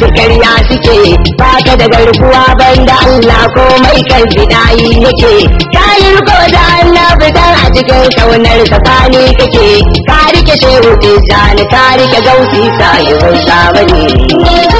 shi karya suke ba ka da garkuwa banda Allah komai kan fidayi yake ka yi riko da Allah fitar a cikin kaunar tsakani kake ka rike shehu tijjani ka rike gausi sa yi zai sha bane